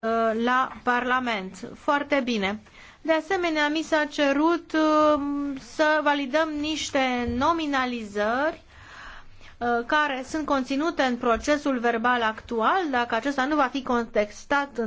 Uh, la Parlament. Foarte bine. De asemenea, mi s-a cerut uh, să validăm niște nominalizări uh, care sunt conținute în procesul verbal actual, dacă acesta nu va fi contestat în